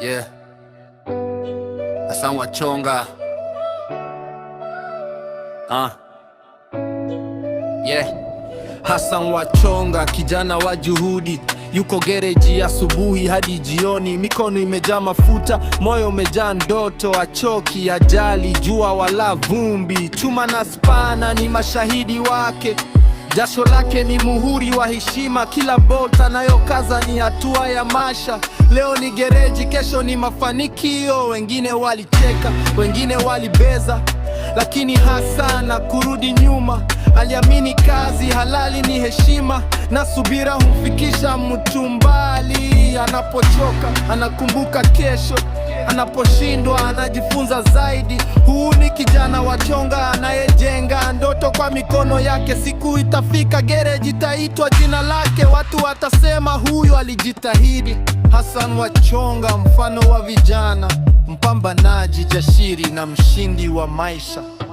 Yeah. Asan Wachonga. Ah. Yeah. Hassan Wachonga kijana wa juhudi yuko gereji asubuhi hadi jioni, mikono imejaa mafuta, moyo umejaa ndoto, achoki ajali, jua wala vumbi, chuma na spana ni mashahidi wake jasho lake ni muhuri wa heshima. Kila bolt anayokaza ni hatua ya masha. Leo ni gereji, kesho ni mafanikio. Wengine walicheka, wengine walibeza, lakini hasana kurudi nyuma. Aliamini kazi halali ni heshima, na subira humfikisha mtu mbali. Anapochoka anakumbuka kesho, anaposhindwa anajifunza zaidi. Huu kwa mikono yake. Siku itafika gereji itaitwa jina lake, watu watasema huyu alijitahidi. Hassan Wachonga, mfano wa vijana, mpambanaji jashiri na mshindi wa maisha.